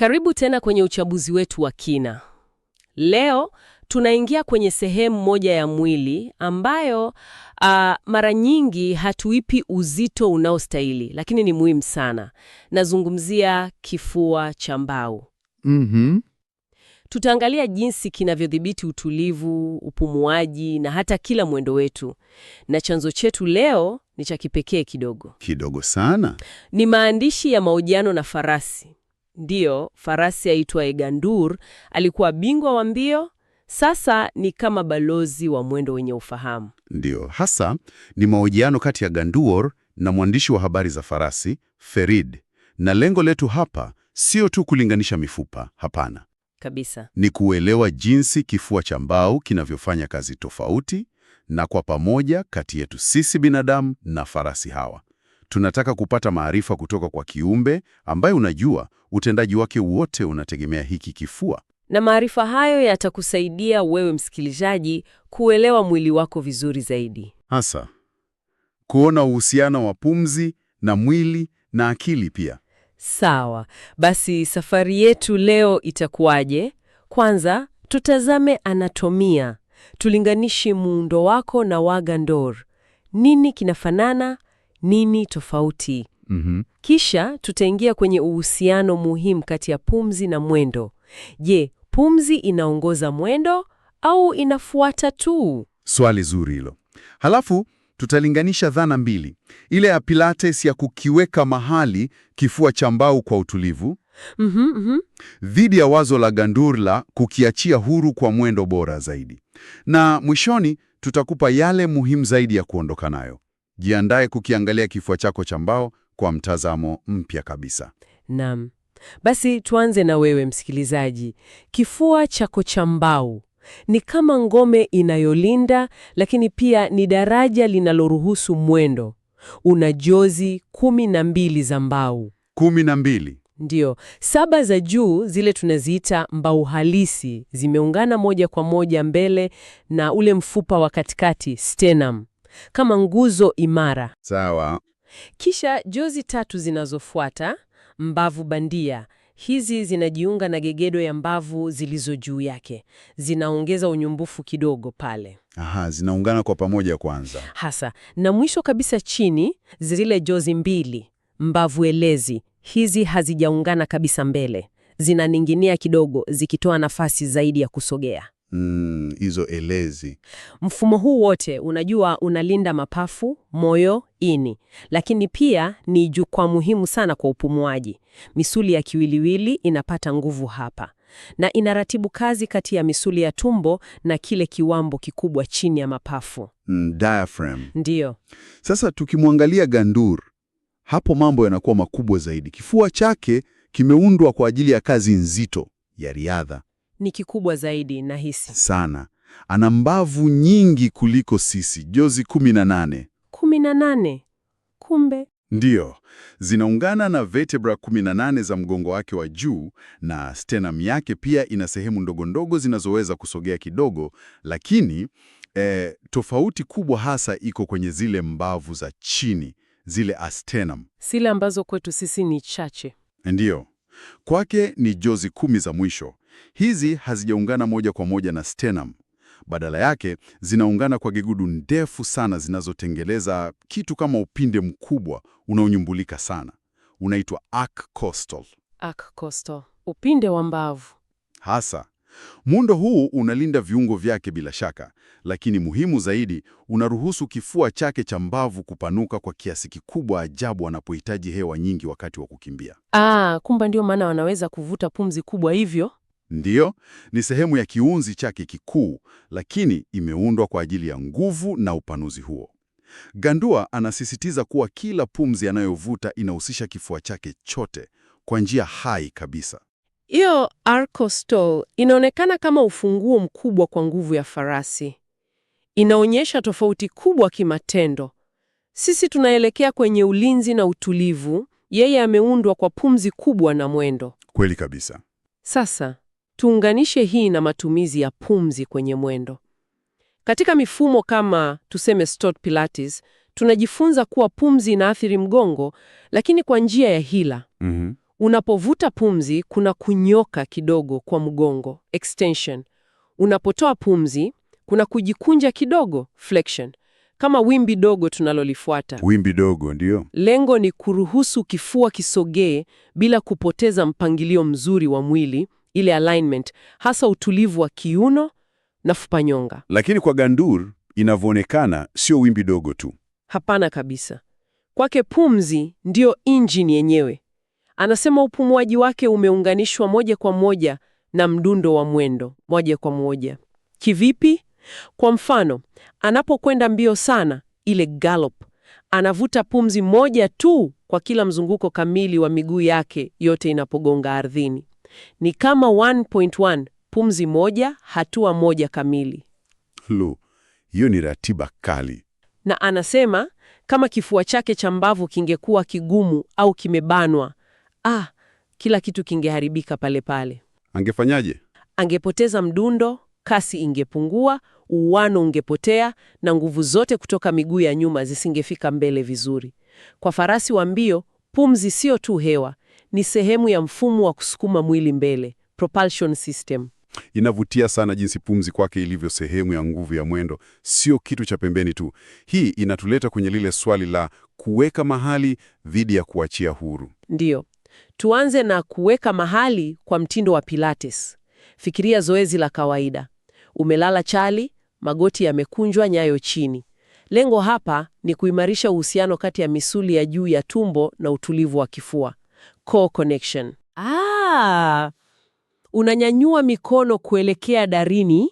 Karibu tena kwenye uchabuzi wetu wa kina. Leo tunaingia kwenye sehemu moja ya mwili ambayo uh, mara nyingi hatuipi uzito unaostahili, lakini ni muhimu sana. Nazungumzia kifua cha mbao mm -hmm. Tutaangalia jinsi kinavyodhibiti utulivu, upumuaji na hata kila mwendo wetu, na chanzo chetu leo ni cha kipekee kidogo kidogo sana. Ni maandishi ya mahojiano na farasi Ndiyo, farasi aitwaye egandur alikuwa bingwa wa mbio, sasa ni kama balozi wa mwendo wenye ufahamu. Ndiyo, hasa ni mahojiano kati ya Gandur na mwandishi wa habari za farasi Ferid, na lengo letu hapa sio tu kulinganisha mifupa, hapana kabisa. Ni kuelewa jinsi kifua cha mbao kinavyofanya kazi tofauti na kwa pamoja kati yetu sisi binadamu na farasi hawa. Tunataka kupata maarifa kutoka kwa kiumbe ambaye unajua utendaji wake wote unategemea hiki kifua. Na maarifa hayo yatakusaidia wewe msikilizaji kuelewa mwili wako vizuri zaidi, hasa kuona uhusiano wa pumzi na mwili na akili pia. Sawa, basi safari yetu leo itakuwaje? Kwanza tutazame anatomia, tulinganishi muundo wako na waga Nini kinafanana nini tofauti? mm -hmm. Kisha tutaingia kwenye uhusiano muhimu kati ya pumzi na mwendo. Je, pumzi inaongoza mwendo au inafuata tu? Swali zuri hilo. Halafu tutalinganisha dhana mbili, ile ya Pilates ya kukiweka mahali kifua cha mbau kwa utulivu mm -hmm, mm -hmm. dhidi ya wazo la Gandour la kukiachia huru kwa mwendo bora zaidi, na mwishoni tutakupa yale muhimu zaidi ya kuondoka nayo. Jiandae kukiangalia kifua chako cha mbao kwa mtazamo mpya kabisa. Naam. Basi tuanze na wewe msikilizaji. Kifua chako cha mbao ni kama ngome inayolinda, lakini pia ni daraja linaloruhusu mwendo. Una jozi kumi na mbili za mbao. Kumi na mbili? Ndiyo, saba za juu zile tunaziita mbao halisi zimeungana moja kwa moja mbele na ule mfupa wa katikati sternum kama nguzo imara. Sawa. Kisha jozi tatu zinazofuata, mbavu bandia. Hizi zinajiunga na gegedo ya mbavu zilizo juu yake, zinaongeza unyumbufu kidogo pale. Aha, zinaungana kwa pamoja kwanza hasa, na mwisho kabisa chini, zile jozi mbili mbavu elezi. Hizi hazijaungana kabisa mbele, zinaninginia kidogo, zikitoa nafasi zaidi ya kusogea. Mm, hizo mm, elezi. Mfumo huu wote unajua, unalinda mapafu, moyo, ini, lakini pia ni jukwaa muhimu sana kwa upumuaji. Misuli ya kiwiliwili inapata nguvu hapa na inaratibu kazi kati ya misuli ya tumbo na kile kiwambo kikubwa chini ya mapafu mm, diaphragm. Ndiyo. Sasa tukimwangalia Gandour, hapo mambo yanakuwa makubwa zaidi. Kifua chake kimeundwa kwa ajili ya kazi nzito ya riadha ni kikubwa zaidi hisi sana. Ana mbavu nyingi kuliko sisi, jozi kumi na nane kumi na nane kumbe ndiyo zinaungana na vertebra 18 za mgongo wake wa juu, na sternum yake pia ina sehemu ndogo ndogo zinazoweza kusogea kidogo, lakini eh, tofauti kubwa hasa iko kwenye zile mbavu za chini, zile asternum, zile ambazo kwetu sisi ni chache. Ndiyo, kwake ni jozi kumi za mwisho, Hizi hazijaungana moja kwa moja na sternum. Badala yake zinaungana kwa gegudu ndefu sana zinazotengeleza kitu kama upinde mkubwa unaonyumbulika sana. Unaitwa arc costal. Arc costal, upinde wa mbavu hasa. Muundo huu unalinda viungo vyake bila shaka, lakini muhimu zaidi, unaruhusu kifua chake cha mbavu kupanuka kwa kiasi kikubwa ajabu anapohitaji hewa nyingi wakati wa kukimbia. Ah, kumba ndio maana wanaweza kuvuta pumzi kubwa hivyo. Ndiyo, ni sehemu ya kiunzi chake kikuu, lakini imeundwa kwa ajili ya nguvu na upanuzi huo. Gandua anasisitiza kuwa kila pumzi anayovuta inahusisha kifua chake chote kwa njia hai kabisa. Hiyo Arcostol inaonekana kama ufunguo mkubwa kwa nguvu ya farasi. Inaonyesha tofauti kubwa kimatendo. Sisi tunaelekea kwenye ulinzi na utulivu, yeye ameundwa kwa pumzi kubwa na mwendo. Kweli kabisa. Sasa Tuunganishe hii na matumizi ya pumzi kwenye mwendo. Katika mifumo kama tuseme Stott Pilates, tunajifunza kuwa pumzi inaathiri mgongo, lakini kwa njia ya hila. mm -hmm. Unapovuta pumzi kuna kunyoka kidogo kwa mgongo, extension. Unapotoa pumzi kuna kujikunja kidogo, flexion, kama wimbi dogo tunalolifuata. Wimbi dogo ndio lengo, ni kuruhusu kifua kisogee bila kupoteza mpangilio mzuri wa mwili ile alignment, hasa utulivu wa kiuno na fupanyonga. Lakini kwa Gandour inavyoonekana, sio wimbi dogo tu. Hapana kabisa. Kwake pumzi ndiyo injini yenyewe. Anasema upumuaji wake umeunganishwa moja kwa moja na mdundo wa mwendo moja kwa moja. Kivipi? Kwa mfano, anapokwenda mbio sana, ile gallop, anavuta pumzi moja tu kwa kila mzunguko kamili wa miguu yake yote inapogonga ardhini. Ni kama 1.1 pumzi moja, hatua moja kamili. Lu, hiyo ni ratiba kali. Na anasema kama kifua chake cha mbavu kingekuwa kigumu au kimebanwa, ah, kila kitu kingeharibika pale pale. Angefanyaje? Angepoteza mdundo, kasi ingepungua, uwano ungepotea, na nguvu zote kutoka miguu ya nyuma zisingefika mbele vizuri. Kwa farasi wa mbio, pumzi sio tu hewa, ni sehemu ya mfumo wa kusukuma mwili mbele, propulsion system. Inavutia sana jinsi pumzi kwake ilivyo sehemu ya nguvu ya mwendo, sio kitu cha pembeni tu. Hii inatuleta kwenye lile swali la kuweka mahali dhidi ya kuachia huru. Ndiyo, tuanze na kuweka mahali kwa mtindo wa Pilates. Fikiria zoezi la kawaida, umelala chali, magoti yamekunjwa, nyayo chini. Lengo hapa ni kuimarisha uhusiano kati ya misuli ya juu ya tumbo na utulivu wa kifua core connection. Ah, unanyanyua mikono kuelekea darini,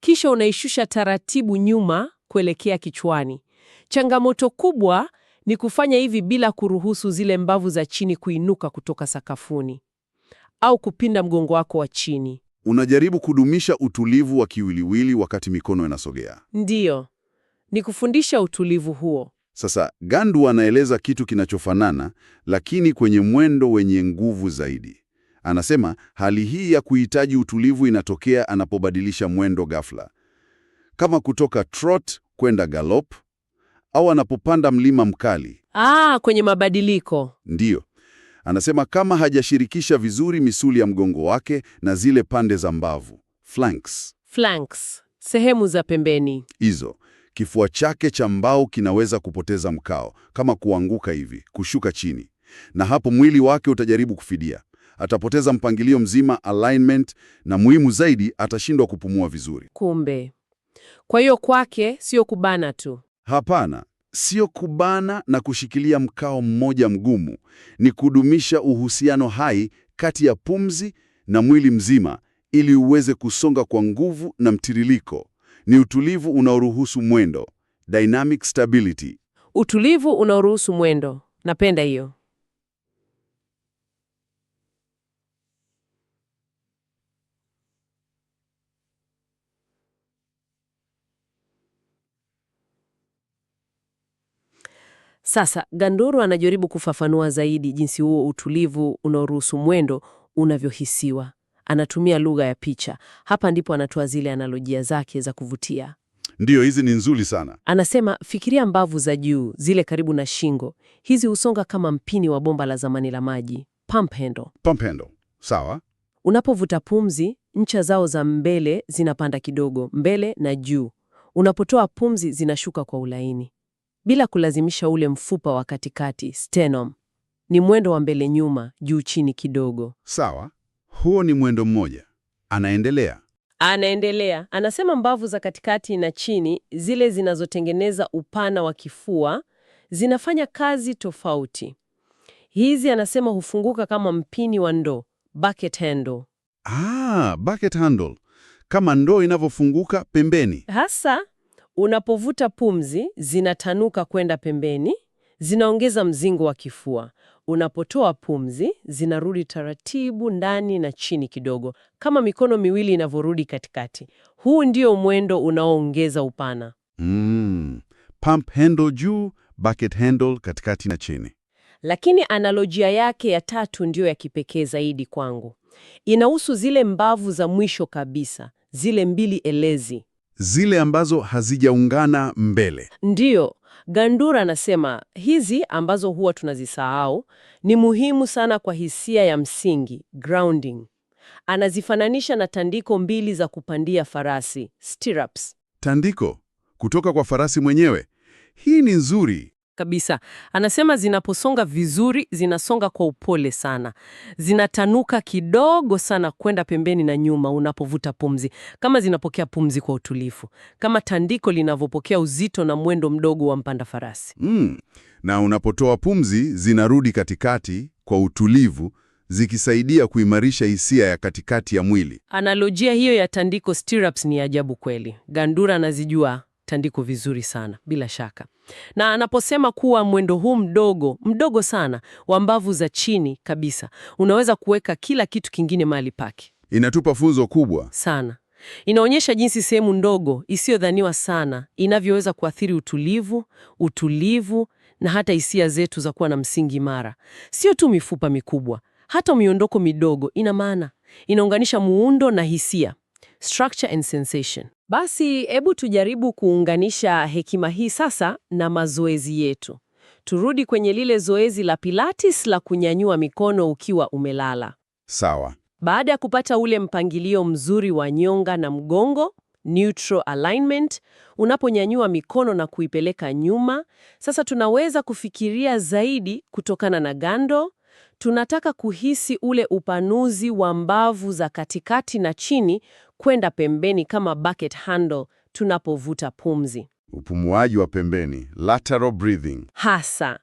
kisha unaishusha taratibu nyuma kuelekea kichwani. Changamoto kubwa ni kufanya hivi bila kuruhusu zile mbavu za chini kuinuka kutoka sakafuni au kupinda mgongo wako wa chini. Unajaribu kudumisha utulivu wa kiwiliwili wakati mikono inasogea. Ndiyo, ni kufundisha utulivu huo. Sasa Gandu anaeleza kitu kinachofanana, lakini kwenye mwendo wenye nguvu zaidi. Anasema hali hii ya kuhitaji utulivu inatokea anapobadilisha mwendo ghafla, kama kutoka trot kwenda galop au anapopanda mlima mkali. Ah, kwenye mabadiliko ndiyo. Anasema kama hajashirikisha vizuri misuli ya mgongo wake na zile pande za mbavu, flanks, flanks, sehemu za pembeni hizo Kifua chake cha mbao kinaweza kupoteza mkao, kama kuanguka hivi, kushuka chini, na hapo mwili wake utajaribu kufidia. Atapoteza mpangilio mzima, alignment, na muhimu zaidi, atashindwa kupumua vizuri. Kumbe kwa hiyo kwake sio kubana tu. Hapana, sio kubana na kushikilia mkao mmoja mgumu, ni kudumisha uhusiano hai kati ya pumzi na mwili mzima, ili uweze kusonga kwa nguvu na mtiririko ni utulivu unaoruhusu mwendo, dynamic stability. Utulivu unaoruhusu mwendo, napenda hiyo. Sasa ganduru anajaribu kufafanua zaidi jinsi huo utulivu unaoruhusu mwendo unavyohisiwa anatumia lugha ya picha. Hapa ndipo anatoa zile analojia zake za kuvutia. Ndiyo, hizi ni nzuri sana. Anasema, fikiria mbavu za juu, zile karibu na shingo, hizi husonga kama mpini wa bomba la zamani la maji, pump handle. Pump handle. Sawa. Unapovuta pumzi, ncha zao za mbele zinapanda kidogo, mbele na juu. Unapotoa pumzi, zinashuka kwa ulaini, bila kulazimisha ule mfupa wa katikati, sternum. Ni mwendo wa mbele nyuma, juu chini kidogo. Sawa. Huo ni mwendo mmoja. Anaendelea anaendelea anasema, mbavu za katikati na chini, zile zinazotengeneza upana wa kifua, zinafanya kazi tofauti. Hizi anasema hufunguka kama mpini wa ndoo, bucket handle. Ah, bucket handle, kama ndoo inavyofunguka pembeni. Hasa unapovuta pumzi, zinatanuka kwenda pembeni, zinaongeza mzingo wa kifua. Unapotoa pumzi, zinarudi taratibu ndani na chini kidogo, kama mikono miwili inavyorudi katikati. Huu ndio mwendo unaoongeza upana. Mm. Pump handle juu, bucket handle katikati na chini. Lakini analojia yake ya tatu ndiyo ya kipekee zaidi kwangu. Inahusu zile mbavu za mwisho kabisa, zile mbili elezi, zile ambazo hazijaungana mbele. Ndiyo, Gandura anasema hizi ambazo huwa tunazisahau ni muhimu sana kwa hisia ya msingi grounding. Anazifananisha na tandiko mbili za kupandia farasi stirrups. Tandiko kutoka kwa farasi mwenyewe, hii ni nzuri kabisa. Anasema zinaposonga vizuri, zinasonga kwa upole sana, zinatanuka kidogo sana kwenda pembeni na nyuma unapovuta pumzi, kama zinapokea pumzi kwa utulivu, kama tandiko linavyopokea uzito na mwendo mdogo wa mpanda farasi. Mm. Na unapotoa pumzi, zinarudi katikati kwa utulivu zikisaidia kuimarisha hisia ya katikati ya mwili. Analojia hiyo ya tandiko stirrups ni ajabu kweli. Gandura anazijua tandiko vizuri sana bila shaka. Na anaposema kuwa mwendo huu mdogo mdogo sana wa mbavu za chini kabisa unaweza kuweka kila kitu kingine mahali pake, inatupa funzo kubwa sana. Inaonyesha jinsi sehemu ndogo isiyodhaniwa sana inavyoweza kuathiri utulivu, utulivu na hata hisia zetu za kuwa na msingi imara. Sio tu mifupa mikubwa, hata miondoko midogo ina maana. Inaunganisha muundo na hisia, structure and sensation. Basi hebu tujaribu kuunganisha hekima hii sasa na mazoezi yetu. Turudi kwenye lile zoezi la Pilates la kunyanyua mikono ukiwa umelala. Sawa. Baada ya kupata ule mpangilio mzuri wa nyonga na mgongo, neutral alignment, unaponyanyua mikono na kuipeleka nyuma, sasa tunaweza kufikiria zaidi kutokana na gando. Tunataka kuhisi ule upanuzi wa mbavu za katikati na chini kwenda pembeni kama bucket handle tunapovuta pumzi. Upumuaji wa pembeni, lateral breathing. Hasa.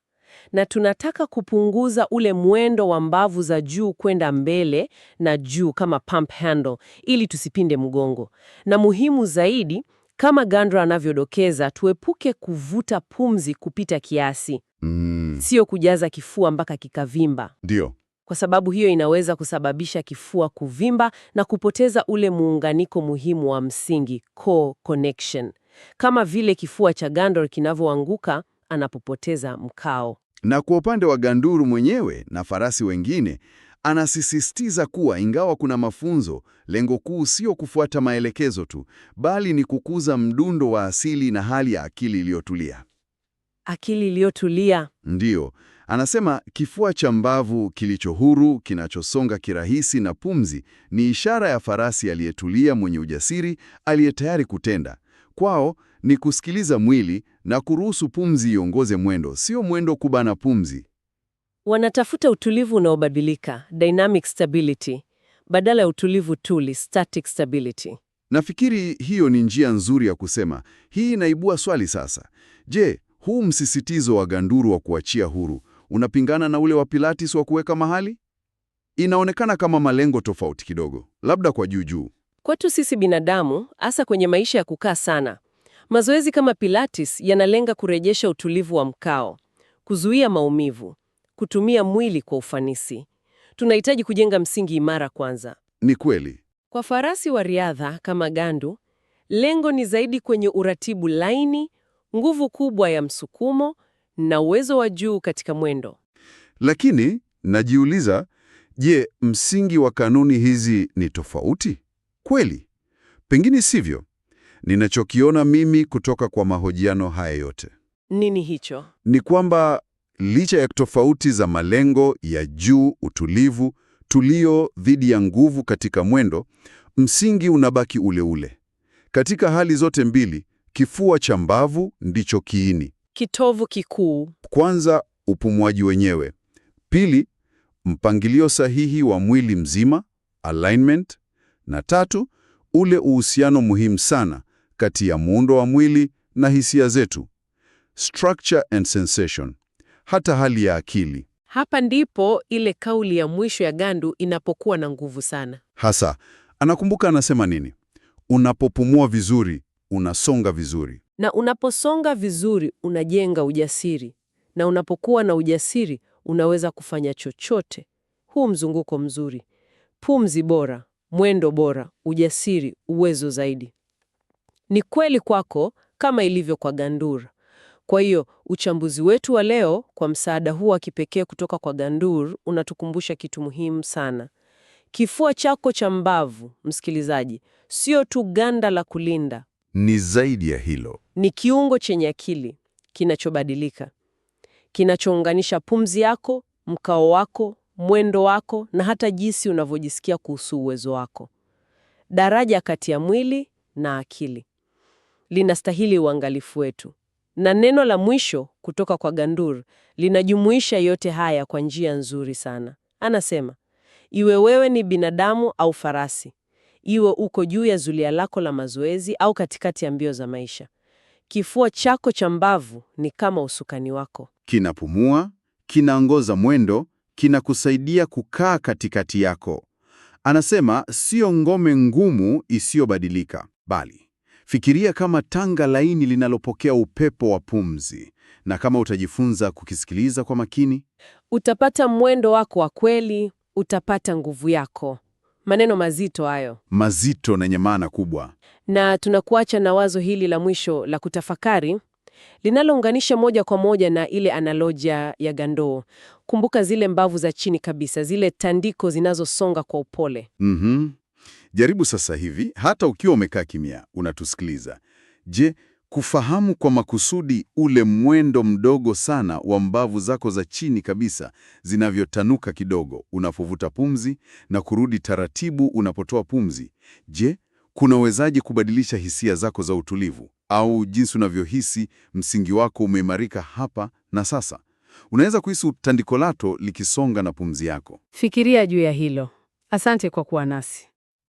Na tunataka kupunguza ule mwendo wa mbavu za juu kwenda mbele na juu kama pump handle ili tusipinde mgongo. Na muhimu zaidi, kama Gandra anavyodokeza, tuepuke kuvuta pumzi kupita kiasi. Mm. Sio kujaza kifua mpaka kikavimba. Ndio kwa sababu hiyo inaweza kusababisha kifua kuvimba na kupoteza ule muunganiko muhimu wa msingi core connection, kama vile kifua cha Gandor kinavyoanguka anapopoteza mkao. Na kwa upande wa Ganduru mwenyewe na farasi wengine, anasisistiza kuwa ingawa kuna mafunzo, lengo kuu sio kufuata maelekezo tu, bali ni kukuza mdundo wa asili na hali ya akili iliyotulia akili iliyotulia. Ndiyo, anasema kifua cha mbavu kilicho huru, kinachosonga kirahisi na pumzi ni ishara ya farasi aliyetulia, mwenye ujasiri, aliye tayari kutenda. Kwao ni kusikiliza mwili na kuruhusu pumzi iongoze mwendo, sio mwendo kubana pumzi. Wanatafuta utulivu unaobadilika, dynamic stability, badala ya utulivu tuli, static stability. Nafikiri hiyo ni njia nzuri ya kusema. Hii inaibua swali sasa. Je, huu msisitizo wa Ganduru wa kuachia huru unapingana na ule wa pilatis wa kuweka mahali. Inaonekana kama malengo tofauti kidogo, labda kwa juu juu. Kwetu sisi binadamu, hasa kwenye maisha ya kukaa sana, mazoezi kama pilatis yanalenga kurejesha utulivu wa mkao, kuzuia maumivu, kutumia mwili kwa ufanisi. Tunahitaji kujenga msingi imara kwanza. Ni kweli. Kwa farasi wa riadha kama Gandu, lengo ni zaidi kwenye uratibu laini nguvu kubwa ya msukumo na uwezo wa juu katika mwendo. Lakini najiuliza, je, msingi wa kanuni hizi ni tofauti kweli? Pengine sivyo. Ninachokiona mimi kutoka kwa mahojiano haya yote nini hicho? Ni kwamba licha ya tofauti za malengo ya juu, utulivu, tulio dhidi ya nguvu katika mwendo, msingi unabaki ule ule. Katika hali zote mbili, Kifua cha mbavu ndicho kiini, kitovu kikuu. Kwanza, upumuaji wenyewe; pili, mpangilio sahihi wa mwili mzima alignment, na tatu, ule uhusiano muhimu sana kati ya muundo wa mwili na hisia zetu, structure and sensation, hata hali ya akili. Hapa ndipo ile kauli ya mwisho ya Gandu inapokuwa na nguvu sana. Hasa, anakumbuka anasema nini? Unapopumua vizuri unasonga vizuri. Na unaposonga vizuri, unajenga ujasiri, na unapokuwa na ujasiri, unaweza kufanya chochote. Huu mzunguko mzuri: pumzi bora, mwendo bora, ujasiri, uwezo zaidi. Ni kweli kwako kama ilivyo kwa Gandour. Kwa hiyo uchambuzi wetu wa leo kwa msaada huu wa kipekee kutoka kwa Gandour unatukumbusha kitu muhimu sana. Kifua chako cha mbavu, msikilizaji, sio tu ganda la kulinda, ni zaidi ya hilo. Ni kiungo chenye akili kinachobadilika, kinachounganisha pumzi yako, mkao wako, mwendo wako na hata jinsi unavyojisikia kuhusu uwezo wako. Daraja kati ya mwili na akili linastahili uangalifu wetu. Na neno la mwisho kutoka kwa Gandour linajumuisha yote haya kwa njia nzuri sana. Anasema, iwe wewe ni binadamu au farasi, iwe uko juu ya zulia lako la mazoezi au katikati ya mbio za maisha. Kifua chako cha mbavu ni kama usukani wako, kinapumua, kinaongoza mwendo, kinakusaidia kukaa katikati yako. Anasema sio ngome ngumu isiyobadilika, bali fikiria kama tanga laini linalopokea upepo wa pumzi, na kama utajifunza kukisikiliza kwa makini, utapata mwendo wako wa kweli, utapata nguvu yako. Maneno mazito hayo, mazito na yenye maana kubwa. Na tunakuacha na wazo hili la mwisho la kutafakari linalounganisha moja kwa moja na ile analojia ya gandoo. Kumbuka zile mbavu za chini kabisa, zile tandiko zinazosonga kwa upole. mm -hmm. Jaribu sasa hivi, hata ukiwa umekaa kimya, unatusikiliza. Je, kufahamu kwa makusudi ule mwendo mdogo sana wa mbavu zako za chini kabisa zinavyotanuka kidogo unapovuta pumzi na kurudi taratibu unapotoa pumzi. Je, kunawezaje kubadilisha hisia zako za utulivu au jinsi unavyohisi msingi wako umeimarika hapa na sasa? Unaweza kuhisi tandiko lato likisonga na pumzi yako. Fikiria juu ya hilo. Asante kwa kuwa nasi.